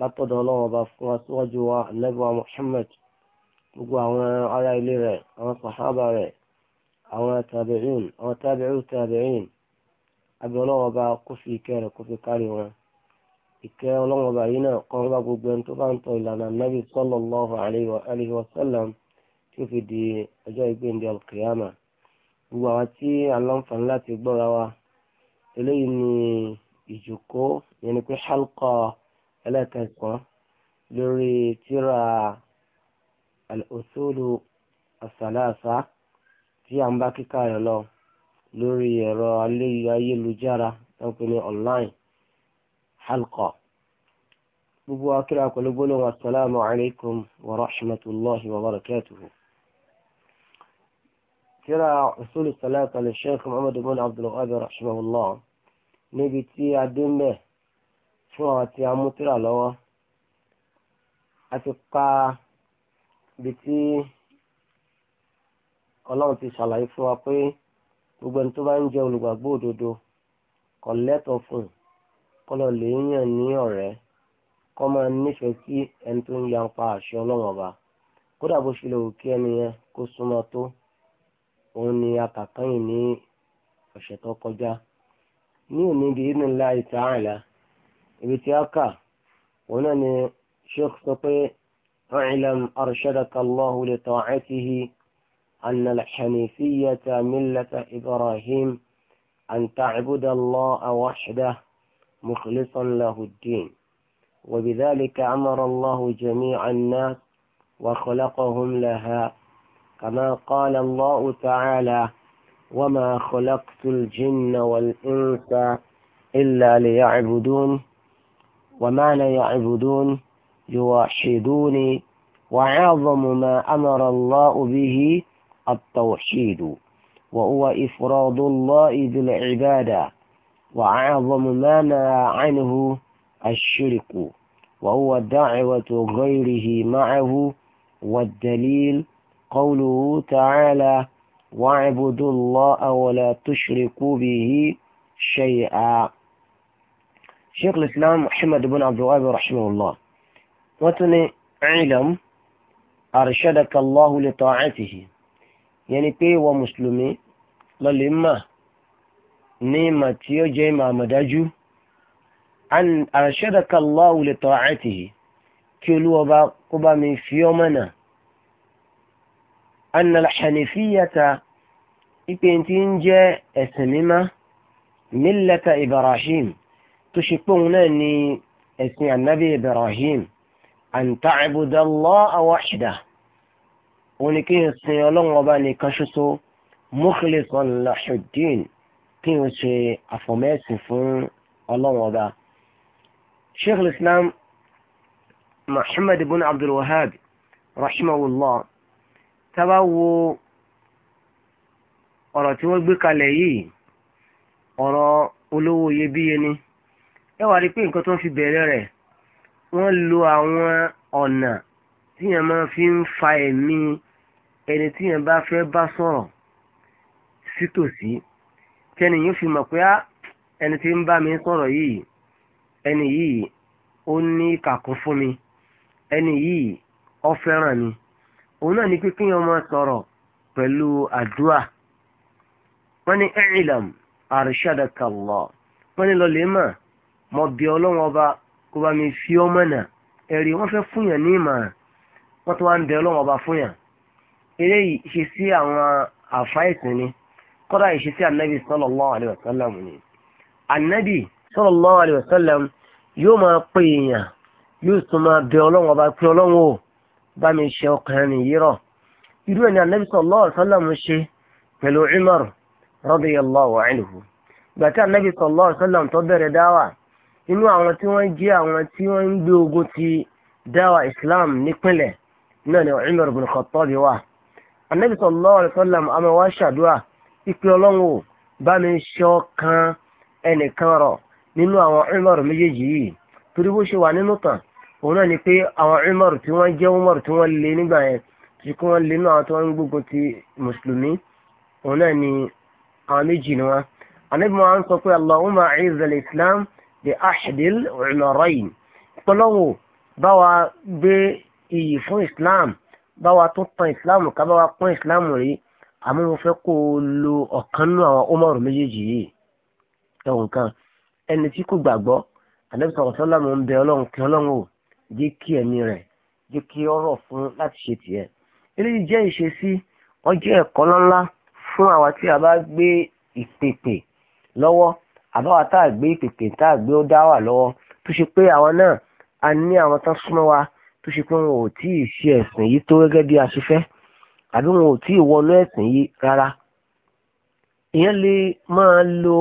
látọ̀dọ̀ ọlọ́run ọba fún aṣíwájú wa nẹ́bùwá Muhammad gbogbo àwọn ará ilé rẹ̀ àwọn sàhábà rẹ̀ àwọn tàbíìn àwọn tàbíìn tàbíìn àbí ọlọ́run ọba kó fi ìkẹ́ rẹ̀ kó fi kárí wọn ìkẹ́ ọlọ́run ọba yìí náà kọ́ bá gbogbo ẹni tó bá ń tọ ìlànà nàbì sallallahu alayhi wa sallam tí ó fi di ọjọ́ ìgbéǹde alkiyama gbogbo àwọn tí aláǹfààní láti gbọ́ra wa eléyìí ni ìjòkó yẹn ni pé halqa ẹlẹ́kẹ̀sán lórí tíra al-usulu as-salasa tí a ń bá kíkà rẹ̀ lọ lórí ẹ̀rọ ayélujára tó ń pè ní online halqa gbogbo akíra pẹ̀lú gbólóhùn asalaamu alaykum wa rahmatulahi wa barakatuhu. tíra usulu salasa ní sheikh muhammadu bin abdulwahab rahimahullah níbi tí a dín bẹ́ẹ̀. fún àwọn tí a mú tíra lọ́wọ́ a ti ka ibi tí ọlọ́run ti ṣàlàyé fún wa pé gbogbo ẹni tó bá ń jẹ́ olùgbàgbọ́ òdodo kò lẹ́tọ̀ọ́ fún kọ́lọ̀ lè ní ọ̀rẹ́ kọ́ máa nífẹ̀ẹ́ sí ẹni tó ń yanpa àṣẹ ọlọ́run ọba kódà bó ṣe lè wò kí ẹni yẹn kó súnmọ́ tó òun ni atakanye ní ọ̀sẹ̀ tó kọjá ní òní bíi ìdílé ibi tí a kà اعلم أرشدك الله لطاعته أن الحنيفية ملة إبراهيم أن تعبد الله وحده مخلصا له الدين وبذلك أمر الله جميع الناس وخلقهم لها كما قال الله تعالى وما خلقت الجن والإنس إلا ليعبدون ومعنى يعبدون يوحدون وعظم ما أمر الله به التوحيد وهو إفراد الله بالعبادة وأعظم ما نهى عنه الشرك وهو دعوة غيره معه والدليل قوله تعالى واعبدوا الله ولا تشركوا به شيئا شيخ الإسلام محمد بن عبد الوهاب رحمه الله وتني علم أرشدك الله لطاعته يعني بي ومسلمي للمة نيمة تيو ما مداجو أن أرشدك الله لطاعته كلوا قبا من فيومنا أن الحنيفية إبنتين جاء اسمما ملة إبراهيم tó ṣe pé òun náà ni ẹ̀sìn anabi ibrahim an ta'budu Allaha wahdah òun ni kí n sin ọlọ́run ọba nìkan ṣoṣo mukhlisan lahuddin kí n ṣe àfọ̀mẹ́sìn fún ọlọ́run ọba. sheikh islam muhammad ibn abdul rahimahullah tábà wo ọ̀rọ̀ tí wọ́n gbé kalẹ̀ yìí ọ̀rọ̀ olówó iyebíye ni ẹ wá rí i pé nǹkan tó ń fi bẹ̀rẹ̀ rẹ̀ wọ́n lo àwọn ọ̀nà tíyẹn máa fi ń fa ẹ̀mí ẹni tíyẹn bá fẹ́ bá sọ̀rọ̀ sítòsí tẹ́ni yìí fi mọ̀ pé ẹni tí ń bá mi sọ̀rọ̀ yìí ẹni yìí ó ní kàkún fún mi ẹni yìí ó fẹ́ràn mi òun náà ní pé kíyàn máa sọ̀rọ̀ pẹ̀lú àdúrà wọ́n ní ẹ̀rìnlẹ̀m àrùṣàdàkàlọ́ wọ́n ní lọ́lẹ́ mọ̀ mo bí ọlọ́run ọba kó bá mi fi ọmọ náà ẹ̀rí wọ́n fẹ́ fún yàn ní ìmọ̀ràn wọ́n tó wá ń bẹ ọlọ́run ọba fún yàn eléyìí ṣe sí àwọn àfáìsì ni kọ́dà ìṣe sí anabi sallallahu alayhi wa sallam ni anabi sallallahu alayhi wa sallam yóò máa pè èèyàn yóò tún máa bẹ ọlọ́run ọba pé ọlọ́run ò bá mi ṣe ọkùnrin yìí rọ̀ gbàtí anabi sallallahu alayhi tó bẹ̀rẹ̀ dáwà inú àwọn tí wọ́n jẹ́ àwọn tí wọ́n ń gbé ogun ti dáwà islam nípìnlẹ̀ náà ni Umar ibn Khattab wà. anabi sallallahu alaihi wasallam àmọ́ wá ṣàdúrà ìpè ọlọ́run bá mi ṣọ́ kan ẹnìkan rọ̀ nínú àwọn Umar méjèèjì yìí torí bó ṣe wà nínú tàn òun náà ni pé àwọn Umar tí wọ́n jẹ́ Umar tí wọ́n lé nígbà yẹn tí wọ́n lé nínú àwọn tí wọ́n gbógun ti mùsùlùmí òun náà ni àwọn méjì ni wọ́n. anabi wọn sọ pé Allahumma a'izz al-islam bí ahidil ọ̀rẹ́yìn pọ́lọ́wọ́ bá wa gbé iyì fún islam bá wa tún tan islam ká bá wa pọ́n islam rí àmọ́ mo fẹ́ kó o lo ọ̀kan nínú àwọn Umaru méjèèjì yìí ẹ̀wọ̀n kan ẹni tí kò gbàgbọ́ ànábì sallallahu alaihi wasallam ń bẹ ọlọ́run kí ọlọ́run ò jẹ́ kí ẹ̀mí rẹ̀ jẹ́ kí ọ̀rọ̀ fún láti ṣe tiẹ̀ eléyìí jẹ́ ìṣesí ọjọ́ ẹ̀kọ́ ńláńlá fún àwa tí a bá gbé ìpèpè lọ́wọ́ àbáwá tá a gbé kèké tá a gbé ó dá wà lọ́wọ́ tó ṣe pé àwọn náà a ní àwọn tán súnmọ́ wa tó ṣe pé wọn ò tí ì ṣe ẹ̀sìn yìí tó gẹ́gẹ́ bí a ṣe fẹ́ àbí wọn ò tí ì wọnú ẹ̀sìn yìí rárá. ìyẹn lè máa lo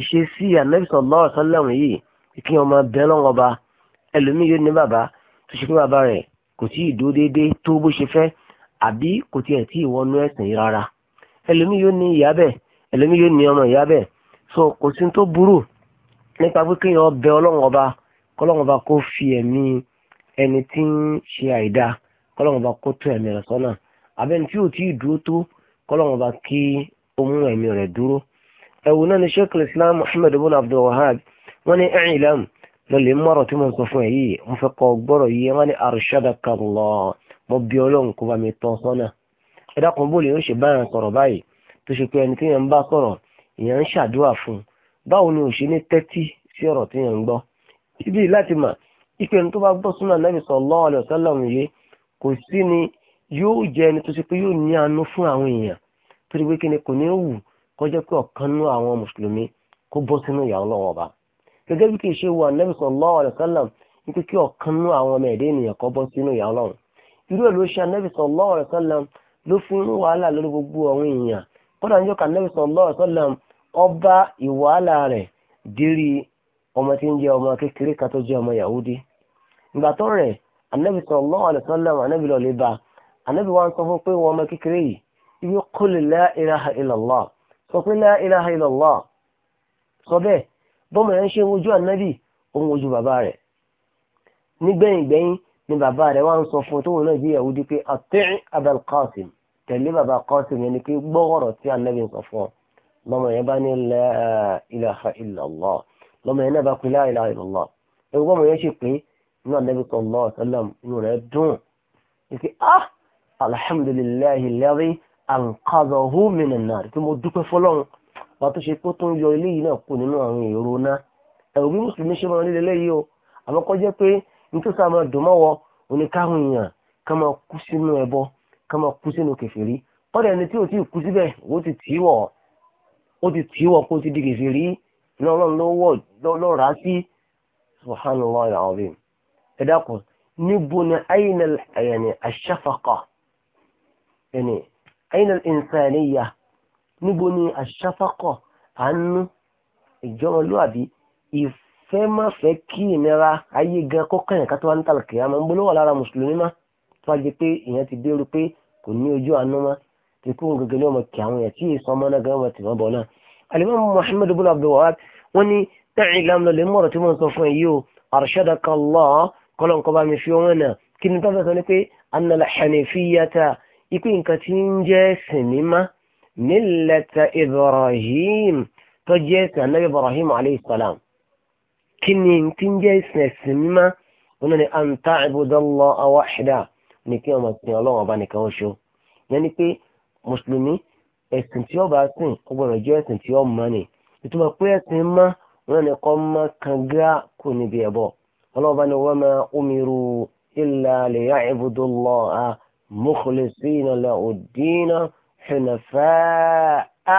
ìṣesí ànábì sallallahu alaihi wasallam yìí kí wọn máa lọ́wọ́ ọba ẹlòmíì yóò ní bàbá tó ṣe pé bàbá rẹ̀ kò tí ì dó déédéé tó bó ṣe fẹ́ àbí kò tí ì wọnú ẹ̀sìn yìí rárá ẹlòmíì yóò ní ìyá ẹlòmíì yóò ní ọmọ ìyá so kò sí tó burú nípa pé kéèyàn bẹ ọlọ́run ọba kọ́lọ́run ọba kó fi ẹ̀mí ẹni tí ń ṣe àìda kọ́lọ́run ọba kó tó ẹ̀mí rẹ̀ sọ́nà abẹ́ni tí ò tí ì dúró tó kọ́lọ́run ọba kí ó mú ẹ̀mí rẹ̀ dúró. ẹ̀wù náà ni sheikh islam muhammed ibn abdul wahab wọ́n ní ẹ̀yìn ìlàm lọ́lẹ̀ mọ́rọ̀ tí mo sọ fún ẹ yìí mo fẹ́ kọ́ gbọ́rọ̀ yìí wọ́n ní arshadakallah mo bí ọlọ́run kó bá mi tọ́ sọ́nà ẹ̀dá kan bó lè ń ṣe báyà èèyàn ń ṣàdúrà fún un báwo ni òṣè ní tẹ́tí sí ọ̀rọ̀ tí èèyàn ń gbọ́ ibi láti mà ipe ẹni tó bá gbọ́ súnà nàbì sallallahu alaihi wasallam yìí kò sí ni yóò jẹ ẹni tó ṣe pé yóò ní àánú fún àwọn èèyàn torí pé kíni kò ní wù kọjá pé ọ̀kan nú àwọn mùsùlùmí kó bọ́ sínú ìyà Ọlọ́run ọba gẹ́gẹ́ bí kì í ṣe wà nàbì sallallahu alaihi kódà níjọ́ kan Nabi sallallahu alaihi wasallam ọba ìwàhálà rẹ̀ dírí ọmọ tí ń jẹ ọmọ kékeré kan tó jẹ ọmọ Yahudi ìgbà tó rẹ̀ anabi sallallahu alaihi wasallam anabi lọ lè ba anabi wa ń sọ fún pé wọn ọmọ kékeré yìí ibi qul la ilaha illallah sọ pé la anabi òun bàbá rẹ̀ ni bàbá rẹ̀ ń sọ fún Yahudi pé tẹ̀lé bàbá Qasim yẹn ni kí gbọ́ọ̀rọ̀ tí anabi sọ fún ọ lọ́mọ yẹn bá ní la ilaha illallah lọ́mọ yẹn náà bá pè la ilaha illallah ewu bọ́mọ yẹn ṣe pé inú anabi sallallahu alaihi wasallam inú rẹ̀ dùn ìfi ah alhamdulillahi alladhi anqadhahu minan nar kí mo dúpẹ́ fọlọ́run wọn tó ṣe pé tó ń yọ eléyìí náà kù nínú àwọn èrò náà ẹ̀rù bí mùsùlùmí ṣe máa ń lé o àmọ́ kọ́ jẹ́ pé nítorí sáà máa dùn mọ́wọ́ oníkàhùn èèyàn ká máa kú sínú ẹbọ ká máa kú sínú kèfèrí kọ́dà ẹni tí ò tí ì kú síbẹ̀ ó ti tì í wọ̀ ó ti tì í wọ̀ kó ti di kèfèrí iná ọlọ́run ló wọ̀ lọ́ọ̀rá sí subhanallah alazim ẹ dákun níbo ni ayna yani aṣ-ṣafaqa yani ayna al-insaniya níbo ni aṣ-ṣafaqa àánú ìjọmọlúwàbí ìfẹ́ má fẹ́ kí ìnira ayé gan kọ́kàn yẹn ká tó wá ní tàlùkì àmọ́ ń bolówó lára mùsùlùmí má tó wá jẹ pé ìyẹn ti dérú pé kò ní ojú àánú mọ́ tí kú gẹ́gẹ́ ní ọmọ kí àwọn èèyàn tí èso ọmọ náà gẹ́gẹ́ wọn ti wọ́n bọ̀ náà. alimami muhammed bin abdulwahab wọn ní tẹ̀yìn ìlànà lè mọ̀rọ̀ tí wọ́n sọ fún e yìí o arshadaka allah kọ́lọ̀ nǹkan bá mi fi wọn náà kí ni tọ́fẹ́ sọ ni pé anala hanifiyata ikú nǹkan tí ń jẹ́ sinima nílẹ̀ta ibrahim tó jẹ́ anabi ibrahim alayhi kí ni tí ń jẹ́ sinima wọn ni an ta'budallah ni kí ọmọ sin ọlọ́run ọba nìkan oṣù yẹn ni pé mùsùlùmí ẹ̀sìn tí ọba sìn ó gbọ́dọ̀ jẹ́ ẹ̀sìn tí ọmọ ni ìtumọ̀ pé ẹ̀sìn má wọn ni kọ́ má kan gá kù níbi ẹ̀bọ ọlọ́run bá ní wa ma umiru illa liya'budullaha mukhlisina lahu-ddina hunafa'a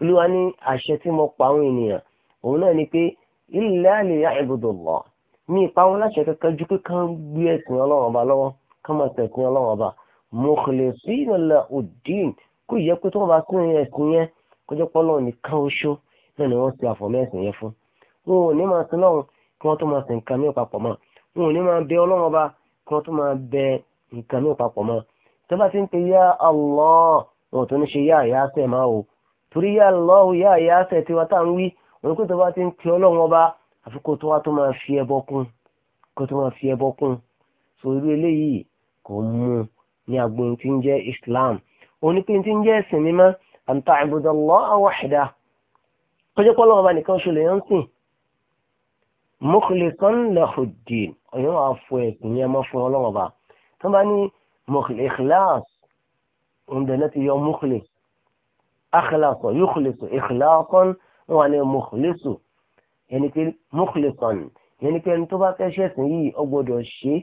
olúwa ní àṣẹ tí mo pa àwọn ènìyàn òun náà ni pé illa liya'budullaha mi ìpawọ́ láṣẹ kankan ju kíkan gbé ẹ̀sìn ọlọ́run ọba lọ́wọ́ kama tẹ̀sìn ọlọ́run ọba mukhlisina lahu ddin kó ìyẹ́ pé tó wọ́n bá sún ẹ̀sìn yẹn kọjọ́ pọ́ lọ́run nìkan oṣó náà ni wọ́n ti àfọ̀mọ́ ẹ̀sìn yẹn fún wọn ò ní máa sin lọ́run kí wọ́n tó máa sin nǹkan mìíràn papọ̀ mọ́ wọn ò ní máa bẹ ọlọ́run ọba kí wọ́n tó máa bẹ nǹkan mìíràn papọ̀ mọ́ tó ti ń pe yá Allah wọn tó ní ṣe yá àyáṣẹ́ máa o torí yá Allah yá àyáṣẹ́ tiwa tá à ń wí òun pé tó bá ti ń pe ọlọ́run kò mú ní agbóhun tí ń jẹ́ islam onípín tí ń jẹ́ ẹ̀sìn mímọ́ an ta'budallaha wahdah kọjá pọ́lọ́ ọba nìkan ṣe lè ń sìn mukhlisan lahuddin ọ̀yọ́ àfọ ẹ̀sìn yẹn mọ́ fún ọlọ́wọ́ ọba tó bá ní ikhlas oúnjẹ náà ti yọ ṣe é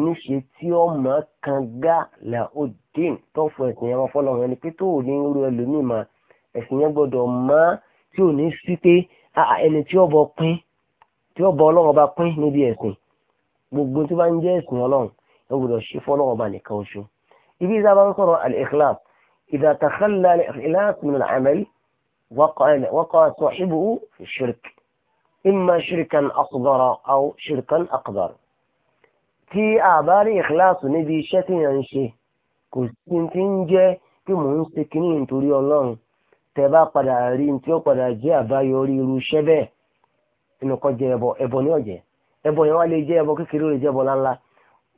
níṣe tí ọmọ kan gá là ó dín tó fún ẹ̀sìn yẹn wọn fọlọ́run ẹni pé tó ò ní rú ẹlòmíì mà ẹ̀sìn yẹn gbọ́dọ̀ mọ́ tí ò ní sí pé ah, ah, ẹni tí ó bọ pín tí ó bọ ọlọ́run bá pín níbi ẹ̀sìn gbogbo tí bá ń jẹ́ ẹ̀sìn ọlọ́run ẹ gbọ́dọ̀ ṣe fọlọ́run bá nìkan oṣù ibi ìta bá ń sọ̀rọ̀ al-ikhlas idha takhalla al-ikhlas min al-amal waqa sahibuhu fi shirk tí àbárí ìkíláàsù níbi iṣẹ́ tí yàn ń ṣe kò sí ti ń jẹ́ pé mò ń ṣe kínní nítorí ọlọ́run tẹ bá padà rí ní tí ó padà jẹ́ àbáyọrí irú iṣẹ́ bẹ́ẹ̀ inú kan jẹ ẹbọ ẹbọ ní ọ̀jẹ̀ ẹbọ yẹn wá lè jẹ́ ẹbọ kékeré lè jẹ́ ẹbọ ńláńlá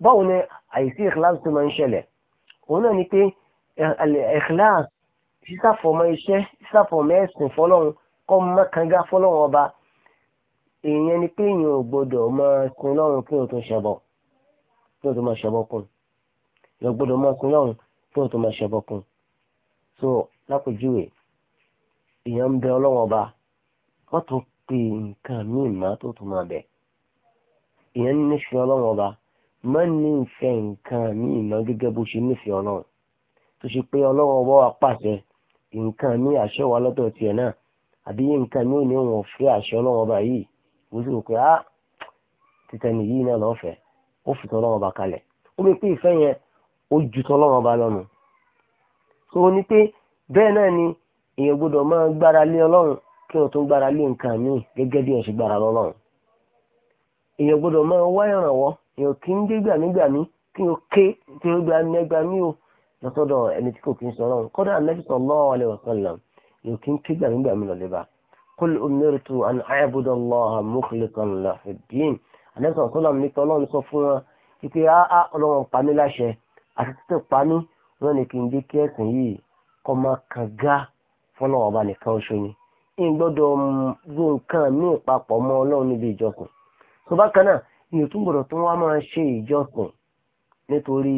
báwo ni àìsí ìkíláàsù tó máa ń ṣẹlẹ̀ òun náà ni pé ìkíláàsù sísàfọ̀mọ́ iṣẹ́ sísàfọ̀mọ́ ẹ̀sìn fọlọ́run kọ́ mọ́kànga fọlọ́run ọba èèyàn ni pé èèyàn ò gbọdọ̀ máa sin lọ́run kí o tún ṣẹbọ tí o tó máa ṣẹbọ kún yọ gbọ́dọ̀ máa tí o tó máa ṣẹbọ so lápèjúwe èèyàn ń bẹ ọlọ́wọ́n ọba wọ́n tó pe nǹkan míì má tó tó máa bẹ̀ èèyàn nífẹ̀ẹ́ ọlọ́wọ́n ọba má nífẹ̀ẹ́ nǹkan míì má gẹ́gẹ́ bó ṣe nífẹ̀ẹ́ ọlọ́run tó ṣe pé ọlọ́wọ́n ọba wa pàṣẹ nǹkan míì àṣẹ wa lọ́dọ̀ tiẹ̀ náà àbí nǹkan míì ni wọ́n fẹ́ àṣẹ ọlọ́wọ́n ọba yìí wọ́n sì rò pé ah títẹ̀ nìyí náà lọ́fẹ̀ẹ́ ó fi tọ́lọ́wọ́n ba kalẹ̀ ó rí i pé ìfẹ́ yẹn ó ju tọ́lọ́wọ́n ba lọ́nu tó o ní pé bẹ́ẹ̀ náà ni èèyàn gbọ́dọ̀ máa gbára lé ọlọ́run kí wọ́n tó gbára lé nǹkan míì gẹ́gẹ́ bí wọ́n ṣe gbára lọ́lọ́run èèyàn gbọ́dọ̀ máa wá ìrànwọ́ èèyàn kì í dé gbàmígbàmí kí wọ́n ké kí wọ́n gba mẹ́gbà mí o lọ́sọ̀dọ̀ ẹni tí kò kí ń sọ ọlọ́run kọ́dà Ànábì sallallahu alaihi wasallam èèyàn ànábì sọ̀rọ̀ sọ́lá ní tọ́lọ́run sọ fún wọn wípé áá ọlọ́run pa mí láṣẹ àti títí pa mí wọn ni kì í jẹ́ kí ẹ̀sìn yìí kọ́ máa kàn gá fọlọ́wọ́ ọba nìkan oṣù ni ń gbọ́dọ̀ gbó nǹkan míì papọ̀ mọ́ ọlọ́run níbi ìjọsìn tó bá kan ìyẹn tún gbọ́dọ̀ tó wá máa ṣe ìjọsìn nítorí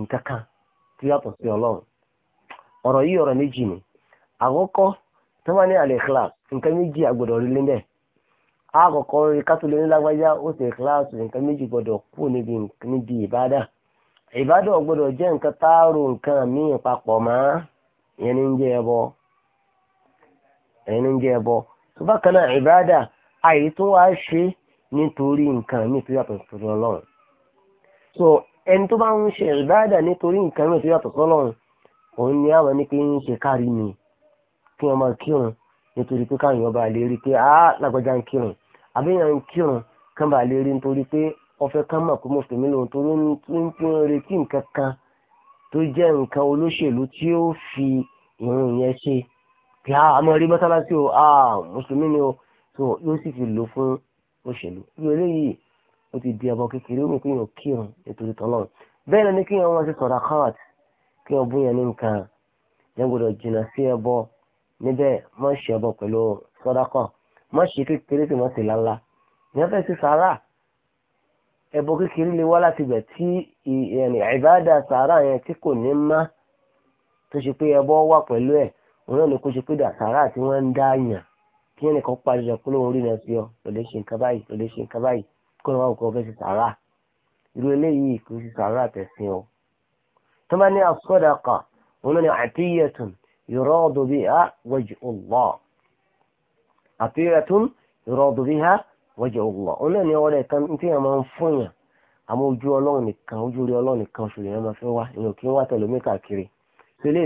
nǹkan kan tí yàtọ̀ sí ọlọ́run ọ̀rọ̀ yìí ọ̀rọ̀ méjì ni àkọ́kọ́ tó wá ní àlè akụkọ kátólì onílágbájá ó ṣe kíláàsì nǹkan méjì gbọ́dọ̀ kú níbi níbi ìbádà ìbádà gbọ́dọ̀ jẹ́ nǹkan táàrò nǹkan míì papọ̀ mọ́ ìyẹn ní ń jẹ́ ẹbọ ìyẹn ń jẹ́ ẹbọ tó bá kan náà ìbádà àyè tó wá ṣe nítorí nǹkan míì tó yàtọ̀ ọlọ́run so ẹni tó bá ń ṣe ìbádà nítorí nǹkan míì tó yàtọ̀ sọ́dọ̀ ọlọ́run òun ni àwọn ní pé ń ṣe nítorí pé káwọn èèyàn bá lè rí i pé ah lágbájá ń kírun àbẹ́yàn ń kírun kán bá lè rí nítorí pé ọfẹ́ kán mọ̀ pé mùsùlùmí lòun torí ń tún retí nǹkan kan tó jẹ́ nǹkan olóṣèlú tí ó fi ìrun yẹn ṣe pé ah àmọ́ rí mọ́sálásí o ah mùsùlùmí ni o tó yóò sì fi lò fún òṣèlú irú eléyìí ó ti di ẹbọ kékeré ó mú kí èèyàn kírun nítorí tọ́lọ́run bẹ́ẹ̀ ni kí èèyàn wọn ṣe sọ̀rọ̀ àkáwàtì kí èèyàn bóyá ní nǹkan yẹn gbọ́dọ̀ jìnnà sí ẹbọ níbẹ̀ mọ̀ ṣe ọbọ̀ pẹ̀lú sọ́dákọ̀ mọ̀ ṣe kékeré sì mọ̀ sí lánlá ìyẹn fẹ́ sí sàárà ẹ̀bọ kékeré lè wá láti bẹ̀ tí ìbáàdà sàárà yẹn tí kò ní má tó ṣe pé ẹbọ wà pẹ̀lú ẹ̀ òun náà ni kó ṣe pé sàárà tí wọ́n ń dá yàn kí ẹnìkan pariwo kó lóun rí náà sí ọ lòdì ṣe nǹkan báyìí lòdì ṣe nǹkan báyìí kó lóun wá òkú ọfẹ́ sí sàárà irú eléyìí kò sí sàárà tẹ̀sìn o tó bá ní àsọdàkà òun náà ni àtìyẹ̀tùn يراد بها وجه الله àtìrẹ̀tún ìrọ̀dù bí ha wọ́jọ́ ọ̀gbọ̀n òun náà ni ọwọ́ rẹ̀ kan tí wọ́n máa ń fọyàn àmọ́ ojú ọlọ́run nìkan ojú orí ọlọ́run nìkan oṣù lèèyàn máa fẹ́ wá èèyàn kì í wá tẹ̀lé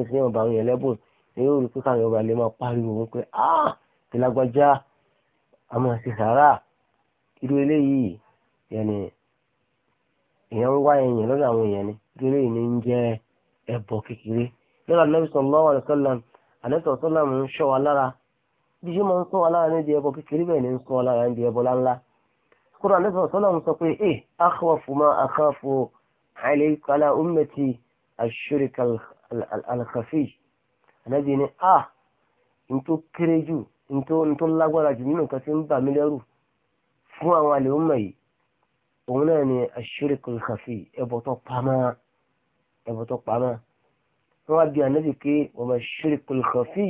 ni ya èyí ò rí pé káwọn ọba lè máa pariwo wọn pé ah ìlàgbàjá a máa ṣe sàárà irú eléyìí yẹnì èèyàn wá ẹyìn lọ́dọ̀ àwọn èèyàn ni irú eléyìí ni ń jẹ́ ẹbọ kékeré lọ́dọ̀ Ànábì sallallahu alaihi wasallam Ànábì sallam ń ṣọ́ wa lára bí ṣe máa ń sọ wa lára níbi ẹbọ kékeré bẹ́ẹ̀ ni ń sọ wa lára níbi ẹbọ láńlá kúrò Ànábì sallam sọ pé ẹ eh, akhwafu ma akhafu alayka ala ummati ash-shirk al-khafi ànábì ni a ah, n tó kéré jù n tó n tó lágbára jù nínú nǹkan tí ń bà mí lẹ́rù fún àwọn àlè ọmọ yìí òun náà ni ashirikul khafi ẹbọ tó pamọ́ ẹbọ tó pamọ́ wọn wá bí ànábì pé wa ma ashirikul khafi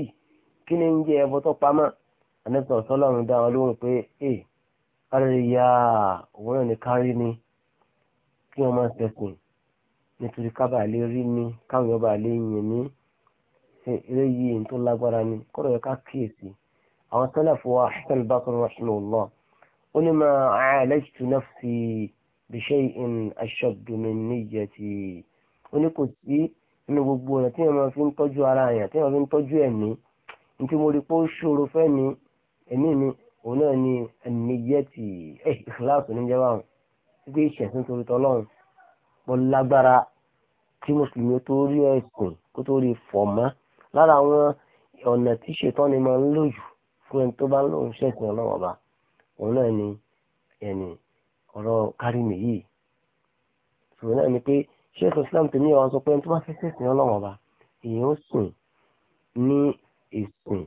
kí ni ń jẹ ẹbọ tó pamọ́ ànábì ọ̀tọ́lọ́run dá wọn lóhùn pé ẹ eh, àríyá òun náà ni kárí ni kí wọn máa tẹkùn nítorí kábàá rí ni káwọn ọba lè yìn ní eléyìí tó lágbára ni kọ́rọ̀ yẹ ká kíyèsí àwọn sálàfù wa hasan basir rahimahullah ó ní ma alajtu nafsi bi shay'in ashaddu min niyyati ó ní kò sí nínú gbogbo ọ̀nà tí wọ́n fi ń tọ́jú ara yẹn tí wọ́n fi ń tọ́jú ẹ̀mí ní tí mo rí pé ó ṣòro fẹ́ mi ẹ̀mí mi òun náà ni ẹ̀nìyẹ́tì ẹ̀ ìfúláàsù níjẹ́ báwọn gbé ìṣẹ̀sìn torí tọ́lọ́run pọ̀ lágbára tí mùsùlùmí tó rí ẹ̀sìn kó tó rí fọ̀mọ́ lára àwọn ọ̀nà tí ṣètọ́ni máa ń lò jù fún ẹni tó bá ń lòun ṣẹ̀sìn ọlọ́wọ́ ọba òun náà ni ẹni ọ̀rọ̀ kárìmì yìí ṣùgbọ́n náà ni pé sheikh islam tó ní ọ̀rọ̀ sọ pé ẹni tó bá fẹ́ ṣẹ̀sìn ọlọ́wọ́ ọba èèyàn ó sìn ní ìsìn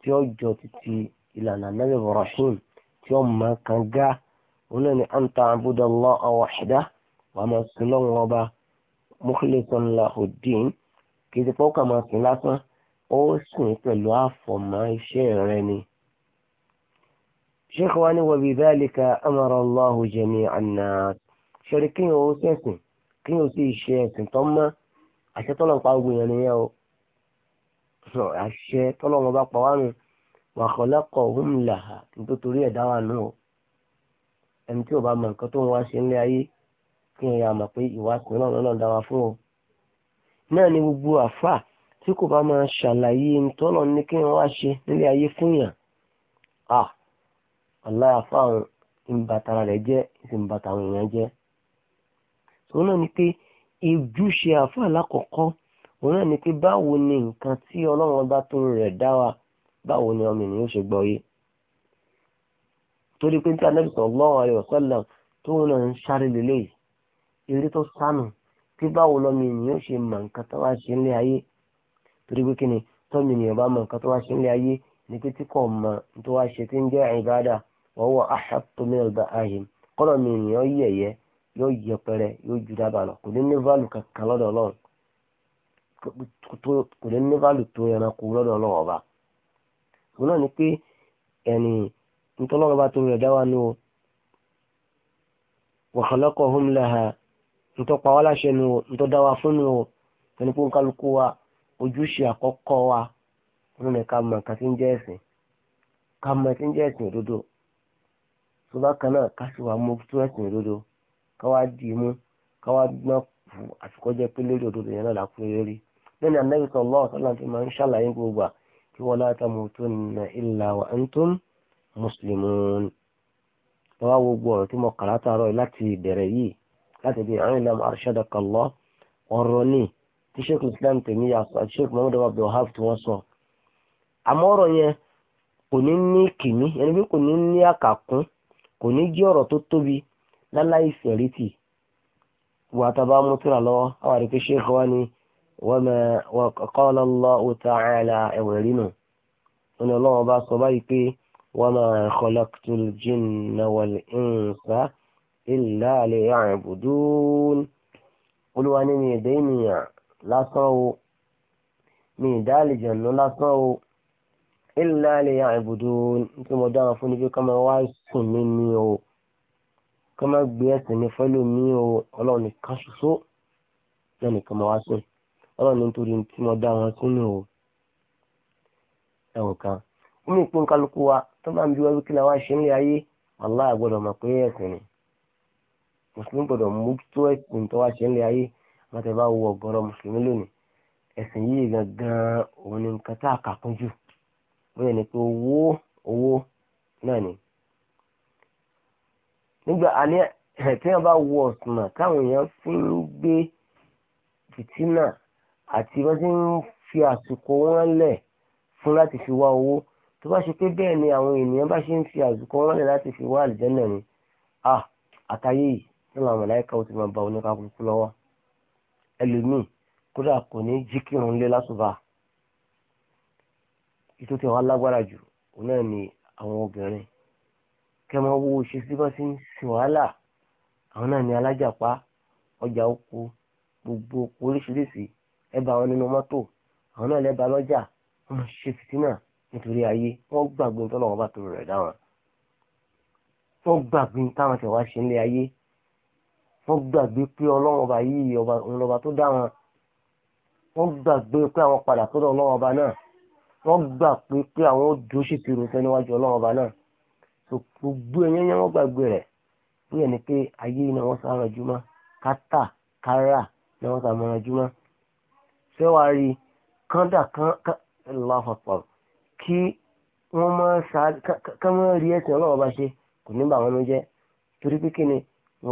tí ó jọ títí ìlànà nabi ibrahim tí ó mọ kan gá òun náà ni anta abudallaha wahdah wàá máa sin lọ́wọ́ ọba mukhlisan lahu ddin kì í ti pọ́ kà máa sin lásán ó sìn pẹ̀lú àfọ̀mọ́ iṣẹ́ rẹ ni. sheikh wa ni wa bi dhalika amara Allahu jami'an nas ṣẹ́rí kí o sẹ̀sìn kí o sì ṣe ẹ̀sìn tó mọ́ àṣẹ tọ́lọ̀ pa ogun yẹn nìyẹn o àṣẹ tọ́lọ̀ wọn bá pa wá nù wa khalaqahum laha nítorí ẹ̀dá wà nù o ẹni tí o bá mọ nǹkan tó ń wá ṣe ńlẹ̀ ayé kí n yà mọ̀ pé ìwà sùn náà lọ́nà dá wa fún o náà ni gbogbo àfà tí kò bá máa ṣàlàyé ntọ́lọ̀ ní kí wọ́n wá ṣe nílé ayé fún yàn à aláàfáàrùn ìbátara rẹ̀ jẹ́ ìsìnbàtà àwọn èèyàn jẹ́ òun náà ni pé ojúṣe àfáà lákọ̀ọ́kọ́ òun náà ni pé báwo ni nǹkan tí ọlọ́run bá tó rẹ̀ dá wa báwo ni ọmọ ènìyàn ṣe gbọ́ yé torí pé tí anábì sallallahu alaihi wasallam tó náà ń sáré lélẹ́yìí eré tó sánù pé báwo lọmọ ènìyàn ṣe mọ nǹkan tó wá ṣe nílé ayé torí pé kí ni tọ́mì ènìyàn bá mọ nǹkan tó wá ṣe nílé ayé ní pé tí kò mọ tó wá ṣe tí ń jẹ́ ìbádà wọ́n wọ aṣáàtò mìíràn gba ààyè kọ́lọ̀ yẹ̀yẹ́ yóò yẹpẹrẹ ju dábàá lọ kò ní ní válù kankan lọ́dọ̀ kò ní ní válù tó lọ́dọ̀ ọba wa ní o lẹ́hà o fún o ẹni ojúṣe àkọ́kọ́ wa wọn ni ká mọ nǹkan tí ń jẹ́ ẹ̀sìn ká mọ tí ń jẹ́ ẹ̀sìn òdodo tó bá kan náà ká sì wá mú tó ẹ̀sìn òdodo ká wá dì í mú ká wá gbọ́n fù àsìkò jẹ́ pé lórí òdodo yẹn náà làkúrẹ́ lórí lẹ́nu Ànábì sallallahu alaihi wasallam máa ń ṣàlàyé gbogbo à kí wala tamutunna illa wa antum muslimun ẹ wá gbogbo ọ̀rọ̀ tí mo kà látàárọ̀ láti ìbẹ̀rẹ̀ yìí láti bí i'lam arshadakallah ọ̀rọ̀ ni tí sheikh islam tèmi yà sọ àti sheikh muhammed abdul wahab tí wọ́n sọ àmọ́ ọ̀rọ̀ yẹn kò ní ní kìmí ẹni bí kò ní ní àkàkún kò ní jẹ́ ọ̀rọ̀ tó tóbi láláì fẹ̀rìtì wà tá a bá mú tíra lọ́wọ́ àwọn àdìpé sheikh wa ni wa qala Allahu ta'ala ẹ̀wẹ̀ rínu wọn ni ọlọ́wọ́n bá sọ báyìí pé wa ma khalaqtul jinna wal insa illa liya'budun olúwa ní ẹ̀dẹ́ ènìyàn lásán o mi ì dá àlìjànú lásán o ilà lè àìbùdó tí mo dára fún ni pé ká máa wá sùn mí ni o ká máa gbé ẹsẹ̀ mi fẹ́ lómi o ọlọ́run nìkan ṣoṣo lẹ́nu kan máa wá sùn ọlọ́run nítorí tí mo dá wọn sínú o ẹ̀wọ̀n kan nínú ìpín kálukú wa tó máa ń bí wáyé kí la wá ṣe nílé ayé aláà mọ̀ pé ẹ̀sìn ni mùsùlùmí gbọ́dọ̀ mú tó ẹ̀sìn tó wá ṣe nílé ayé wọ́n ti bá wo ọ̀gọ̀rọ̀ mùsùlùmí lónìí ẹ̀sìn yìí gangan òun ni nǹkan tá a kà kún jù bóyá ni pé owó owó náà ni. nígbà àní tí wọ́n bá wo ọ̀sùnà táwọn èèyàn fi ń gbé fìtínà àti wọ́n ti ń fi àsìkò wọn lẹ̀ fún láti fi wá owó tó bá ṣe pé bẹ́ẹ̀ ni àwọn ènìyàn bá ṣe ń fi àsìkò wọn lẹ̀ láti fi wá àlùjànnà ni àtàyè yìí ní àwọn màláíkà ó ti máa ba oníkàkùnkùn lọ́wọ́ ẹlòmíì kódà kò ní jí kírun lé lásùbà ètò tí wọn lágbára jù òun náà ni àwọn obìnrin kẹ máa wo ṣe sí bá ti ń sin wàhálà àwọn náà ni alájàpá ọjà oko gbogbo oríṣiríṣi ẹbà àwọn nínú mọ́tò àwọn náà lẹ́bàá lọ́jà wọn ṣe fìtínà nítorí ayé wọn gbàgbé tọ́lọ́wọ́n bá tó rẹ̀ dáwọn wọn gbàgbé táwọn tẹ̀ wá ṣe nílé ayé wọ́n gbàgbé pé ọlọ́run ọba yìí ọba ọlọ́ba tó dá wọn wọ́n gbàgbé pé àwọn padà tó dọ̀ ọlọ́run ọba náà wọ́n gbà pé pé àwọn ojú sì ti rò sẹ́niwájú ọlọ́run ọba náà tó gbogbo ẹ̀yẹ́ yẹn wọ́n gbàgbé rẹ̀ bí ẹni pé ayé iná wọn sára jùmọ́ kátà kárà ni wọ́n sàmọ́ra jùmọ́ sẹ́wàá rí kọ́ńdà kan lọ́fọ̀pọ̀ kí wọ́n máa rí ẹ̀sìn ọlọ́run ọba ṣe kò ní bà wọ́n jẹ́ torí pé kí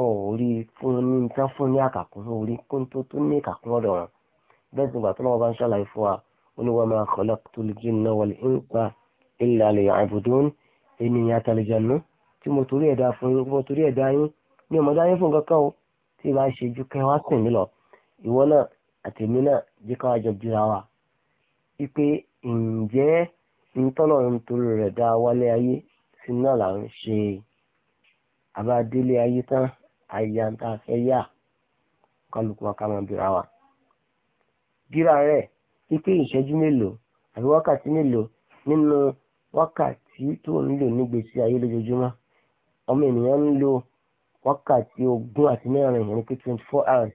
wọn ò rí fún ní nǹkan fún ní àkàkùn wọn ò rí kó tó tó ní ìkàkùn ọ̀dọ̀ wọn bẹ́ẹ̀ sì gbà tó náà wọ́n bá ń ṣàlàyé fún wa ó ní wa ma khalaqtul jinna wal insa illa liya'budun ènìyàn àtàlẹ̀jànú tí mo torí ẹ̀dá fún yín mo torí ẹ̀dá yín ní ọmọdé ayé fún kankan o tí ì bá ṣe ju kẹ́ wá sìn mí lọ ìwọ náà àtẹ̀mí náà jẹ́ ká jọ bíra wa wípé ǹjẹ́ ntọ́nà ń torí rẹ̀ dá wálé ayé sí náà là ń ṣe àbá délé ayé tán àyà tá a fẹ́ yà kálukú wa ká máa bira wa. bíra rẹ̀ pípé ìṣẹ́jú mélòó àbí wákàtí mélòó nínú wákàtí tó ń lò nígbèsí ayé lójoojúmọ́ ọmọ ènìyàn ń lo wákàtí ogún àti mẹ́rin ìyẹn pé twenty four hours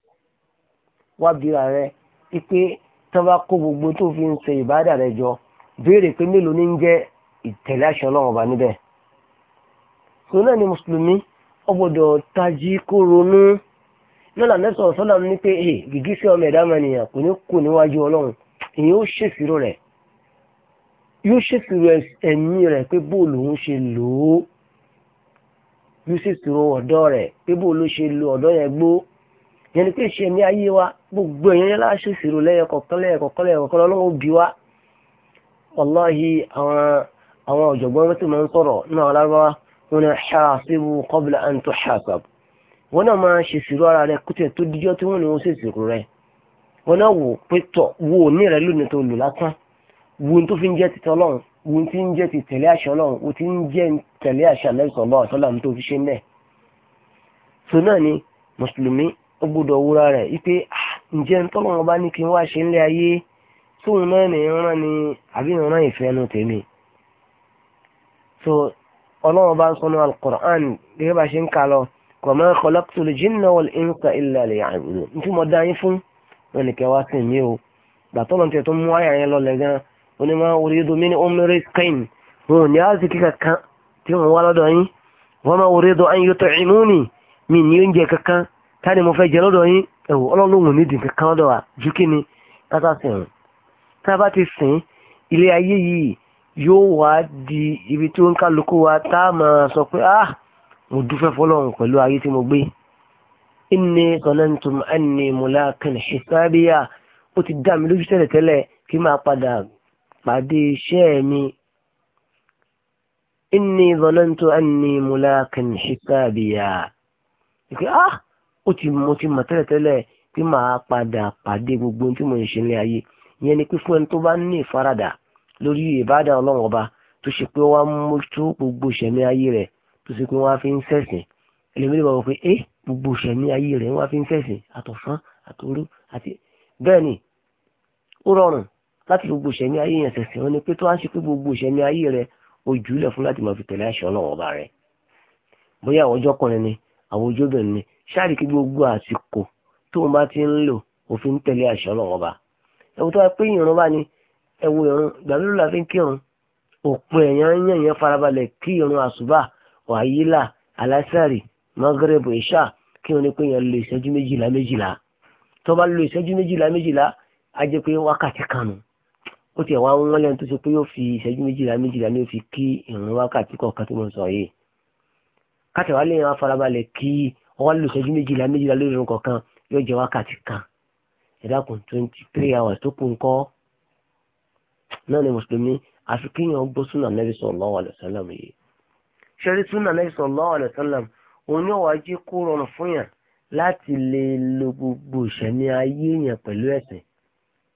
wá bíra rẹ̀ pípé tó bá kó gbogbo tó fi ń ṣe ìbádà rẹ̀ jọ béèrè pé mélòó ní ń jẹ́ ìtẹ̀lé àṣọ náà wà níbẹ̀. sọ náà ni mùsùlùmí obodo tají kó ronú náà lànà sọ̀rọ̀ sọ́nà ní pé ẹ gìgísẹ̀ ọmọ ẹ̀dá mẹ́nìyàn kò ní kù níwájú ọlọ́run èyí ó ṣèṣirò rẹ̀ yóò ṣèṣirò ẹ̀mí rẹ̀ pé bóòlù ń ṣe lò ó yóò ṣèṣirò ọ̀dọ́ bóòlù ṣe lo ọ̀dọ́ yẹn gbó yẹn ni pé gbogbo ẹ̀yẹn yẹn lẹ́yẹkọ̀kan lẹ́yẹkọ̀kan lẹ́yẹkọ̀kan ọlọ́run bí wa àwọn àwọn ọ̀jọ̀gbọ́n هنا حاسبوا قبل أن تحاسب wọ́n náà ma ṣe sírò ara rẹ kute tó díjọ́ tí wọ́n ní wọ́n ṣe sírò rẹ wọ́n náà wò pé tọ̀ wo ní rẹ lónìí tó lò wo tó fi ń jẹ́ ti tọ́lọ́run wo ti ń jẹ́ ti tẹ̀lé àṣà ọlọ́run wo ti ń jẹ́ tẹ̀lé àṣà lẹ́sọ̀ ọlọ́run àtọ́là tó fi ṣe ń ọlọ́run bá ń sọ ní alukur'an gẹ́gẹ́ bá ṣe ń kà lọ kò máa khalaqtu al-jinna wal-insa illa liya'budun n tí mo dá yín fún wọn ni kẹwàá sì mí o gbàtọ́ lọ́n tẹ̀ tó mú àyà yẹn lọ lẹ́gán wọn ni ma uridu min umri kain wọn ò ní àzìkí kankan tí wọn wá lọ́dọ̀ yín wọn ma uridu an yut'imuni mi ní oúnjẹ kankan tá ni mo fẹ́ jẹ lọ́dọ̀ yín ẹ̀wò ọlọ́run ò ní yóò wá di ibi tí ó ń kálukú wa tá a máa sọ pé ah mo dúpẹ́ fọlọ́run pẹ̀lú ayé tí mo gbé inni sọ̀nẹ́ntum ẹni mùlákin hisabiya ó ti dá mi lójú tẹ́lẹ̀tẹ́lẹ̀ kí máa padà pàdé iṣẹ́ mi inni sọ̀nẹ́ntu ẹni mùlákin hisabiya ìpè ah ó ti mo ti mọ̀ tẹ́lẹ̀tẹ́lẹ̀ kí máa padà pàdé gbogbo tí mo ń ṣe ní ayé ìyẹn ni pé fún ẹni tó bá ní ìfaradà lórí ìbádà ọlọ́run ọba tó ṣe pé wọ́n á mójútó gbogbo ìṣẹ̀mí ayé rẹ̀ tó ṣe pé wọ́n á fi ń sẹ̀sìn ẹlòmíràn bá wọ pé ẹ gbogbo ìṣẹ̀mí ayé rẹ̀ wọ́n á fi ń sẹ̀sìn àtọ̀fán àtòrú àti bẹ́ẹ̀ ni ó rọrùn láti gbogbo ìṣẹ̀mí ayé yẹn sẹ̀sìn wọn ni pé tó á ṣe pé gbogbo ìṣẹ̀mí ayé rẹ̀ ó jùlẹ̀ fún láti máa fi tẹ̀lé àṣẹ ọlọ́run ọba rẹ̀ ẹwọ ìrún gbàmílò la fi ń kírun òpin ẹ̀yàn yẹn yẹn farabalẹ̀ kí ìrún àṣùbà wàhálà alásàrì mọ́gẹ́rẹ́bù ìṣà kí wọ́n ní pé yẹn lo ìṣẹ́jú méjìlá méjìlá tó bá lo ìṣẹ́jú méjìlá méjìlá á jẹ́ pé wákàtí kanu ó tiẹ̀ wá wọ́n lẹ́nu tó ṣe pé yóò fi ìṣẹ́jú méjìlá méjìlá ni yóò fi kí ìrún wákàtí kọ̀ọ̀kan tó mọ̀ sọ yìí kátàwá lè yẹn farabalẹ̀ kí wọ́n lo ìṣẹ́jú méjìlá méjìlá lórí ìrún kọ̀ọ̀kan yóò jẹ́ wákàtí kan ẹ̀dá kùn twenty three hours tó kù ń kọ́ náà ni mùsùlùmí àfi kéèyàn gbọ́ súnà nẹ́bí sallallahu alaihi wasallam yìí ṣẹ́rí súnà nẹ́bí sallallahu alaihi wasallam òun ni ọ̀wá jí kó rọrùn fún yàn láti lè lo gbogbo ìṣẹ̀mí ayé yẹn pẹ̀lú ẹ̀sìn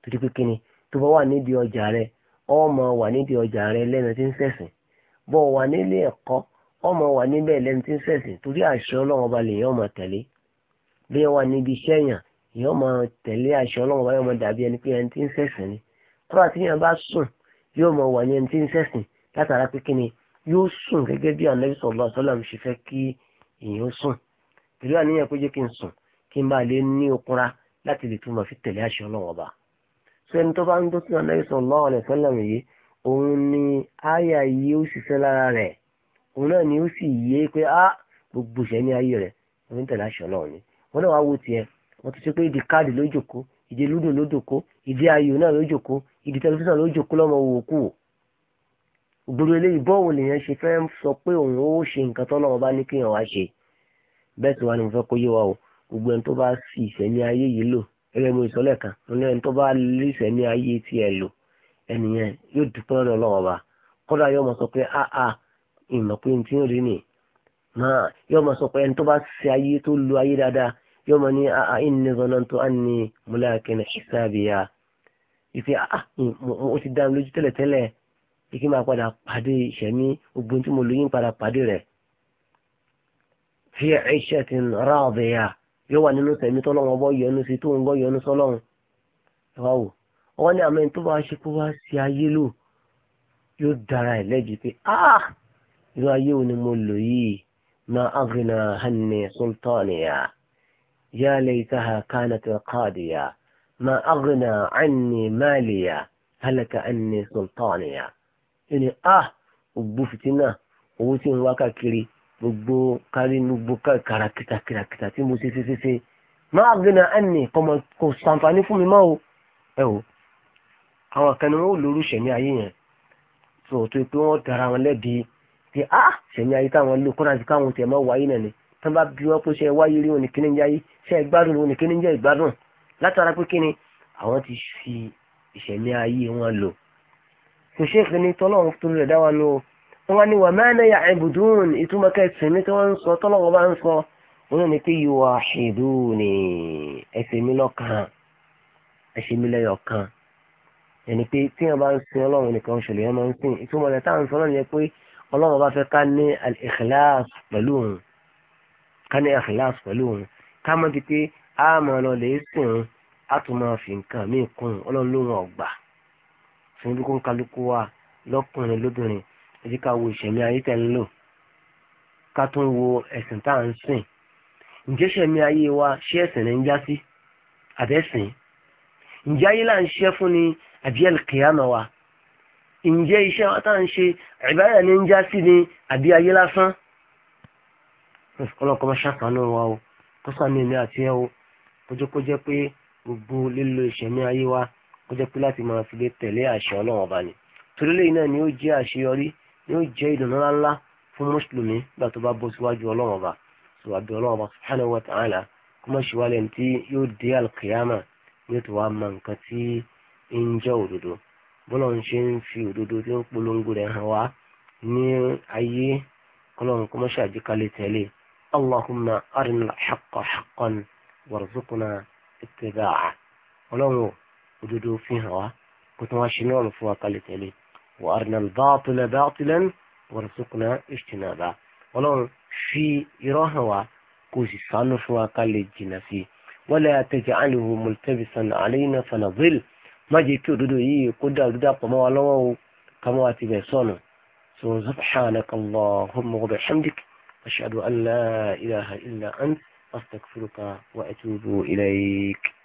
torí pé kíni tó bá wà nídìí ọjà rẹ ọmọ wà nídìí ọjà rẹ lẹ́nu tí ń ṣẹ̀sìn bọ́ wà nílé ẹ̀kọ́ ọmọ wà níbẹ̀ lẹ́nu tí ń ṣẹ̀sìn torí àṣẹ ọlọ́run ọba lè yẹn ọmọ tẹ̀lé bí wà níbi iṣẹ́ yàn yẹn ọmọ tẹ̀lé àṣẹ ọlọ́run ọba yẹn ọmọ dàbí ẹni pé ẹni tí ń ṣẹ̀sìn ni tọ́ra tí yẹn bá sùn yóò mọ̀ wà yẹn tí ń sẹ̀sìn látara pé kíni yóò sùn gẹ́gẹ́ bí anabi sallallahu alaihi wasallam ṣe fẹ́ kí èèyàn sùn pẹ̀lú àníyàn pé jẹ́ kí n sùn kí n bá ní okunra láti lè túmọ̀ fi tẹ̀lé àṣẹ ọlọ́wọ́ bá sọ ẹni tó bá ń dókítà ni yìí ó lára rẹ̀ òun náà ni ó sì yé pé á gbogbo ìṣẹ́ ní ayé rẹ̀ tẹ̀lé ni wọ́n náà wá ìdí tẹlifíṣàn ló jòkó lọ́mọ wò kú gbogbo eléyìí bọ́ọ̀wù lèèyàn ṣe fẹ́ sọ pé òun ó ṣe nǹkan tó lọ́wọ́ bá ní kéèyàn wá ṣe bẹ́ẹ̀ tí wàá ní mo fẹ́ kó yé wa o gbogbo ẹni tó bá fi ìṣẹ̀mí ayé yìí lò gẹ́gẹ́ bí mo sọ lẹ́ẹ̀kan mo ní ẹni tó bá lé ìṣẹ̀mí ayé tiẹ̀ lò ẹnìyẹn yóò dúpẹ́ lọ́dọ̀ lọ́wọ́ bá kọ́dà yóò sọ pé a ìmọ̀ pé n tí ń rí nì máa yóò sọ pé ẹni tó bá ṣe ayé tó lu ayé dáadáa yóò ní a a ìnìyàn á ní múlẹ̀ akẹ́ni ṣiṣẹ́ àbíyá ìfẹ́ ah, ah mm, mo ti dá mi lójú tẹ́lẹ̀tẹ́lẹ̀ pé kí n máa padà pàdé ìṣẹ̀mí ogun tí mo lóyún padà pàdé rẹ̀. fi ishatin radiya yóò wà nínú tẹ̀mí tọ́lọ́run ọbọ̀ yọnu sí tóun bọ́ yọnu sọ́lọ́run. ẹ wá wò wọ́n ní àmọ́ ẹni tó bá ṣe kó wá sí ayé lò yóò dára ẹ̀ lẹ́bi pé ah, irú ayé wo ni mo lò yìí ma aghna hanni sultaniya ya laytaha kanat qadiya ma aghna anni maliya halaka anni sultaniya ẹni a ògbó fìtínà owó tí ń wá káàkiri gbogbo kárí gbogbo kára kìtàkìtà tí mo ṣe ṣeṣeṣe ma aghna anni kọmọ kò sàǹfààní fún mi mọ́ o ẹ o àwọn kan ni wọn ò lórí ṣẹ̀mí ayé yẹn tó o tó pé wọ́n dara wọn lẹ́bi pé a ṣẹ̀mí ayé táwọn lò kọ́ra sí káwọn tiẹ̀ máa wáyé náà ni tí wọ́n bá bí wọ́n pé ṣe wáyé rí òní kíní jẹ́ ayé ṣe ìgbádùn òní kíní jẹ́ ìgbádùn látara pé kíni àwọn ti fi ìṣẹ̀mí ayé wọn lò kò ṣèkì ní tọ́lọ́run tó rẹ̀ dá wa lò ó wọn ni wà mẹ́rin ya ibùdún ìtumọ̀ kẹsìmí tí wọ́n ń sọ tọ́lọ́run bá ń sọ wọn ni pé yìí wà ṣèlú ni ẹsẹ̀mí lọ́kàn ẹsẹ̀mí lẹ́yọ̀ kan ẹni pé tí wọn bá ń sin ọlọ́run nìkan ṣòlè yẹn máa ń sìn ìtumọ̀ rẹ̀ táwọn sọ náà yẹ pé ọlọ́run bá fẹ́ ká ní al-ikhlas pẹ̀lú òun ká ní a mọ̀ lọ lè sìn ín a tún máa fi nǹkan míì kún un ọlọ́run ló ràn ọ̀gbà fún ibi kó ń kálukú wa lọ́kùnrin lóbìnrin èyí ká wo ìṣẹ̀mí ayé tẹ̀ ń lò ká tún wo ẹ̀sìn tá à ń sìn ǹjẹ́ ìṣẹ̀mí ayé wa ṣé ẹ̀sìn ní ń já sí àbẹ́sìn ǹjẹ́ ayé là ń ṣiṣẹ́ fún ni àbí ẹ̀lìkìyàmọ̀ wa ǹjẹ́ iṣẹ́ wa tá à ń ṣe ìbáyà ní ń já sí ni àbí ayé lásán ọlọ́kọ́ máa ṣàkàánú wa o kó sàmì kójó kó jẹ́ pé gbogbo lílo ìṣẹ̀mí ayé wa kó jẹ́ pé láti máa fi lè tẹ̀lé àṣẹ ọlọ́run ọba ni torí lẹ́yìn náà ni ó jẹ́ àṣeyọrí ni ó jẹ́ ìdùnnú ńláńlá fún mùsùlùmí nígbà tó bá bọ́ síwájú ọlọ́run ọba sùwàbí ọlọ́run ọba subhanahu wa ta'ala kó má ṣe wálé tí yóò dé alkiyama ní ètò wa mọ nǹkan tí ń jẹ́ òdodo bọ́lá ń ṣe ń fi òdodo tí ń polongo rẹ̀ hàn wá ní ayé ọlọ́run kó má ṣàjíkalẹ̀ tẹ̀lé allahumma arinal haqqa haqqan warzuqna ittiba'a ọlọ́run òdodo fi hàn wá kó tó wá ṣe ní ọ̀run fún wa kálí tẹ̀lé wa arina al-batila batilan warzuqna ijtinaba ọlọ́run fi irọ́ hàn wá kó sì sánú fún wa kálí jìnnà sí i wala taj'alhu multabisan alayna fanadil má jẹ́ kí òdodo yìí kó dàrú dàpọ̀ mọ́ wa lọ́wọ́ ashhadu an la ilaha illa ant أستغفرك وأتوب إليك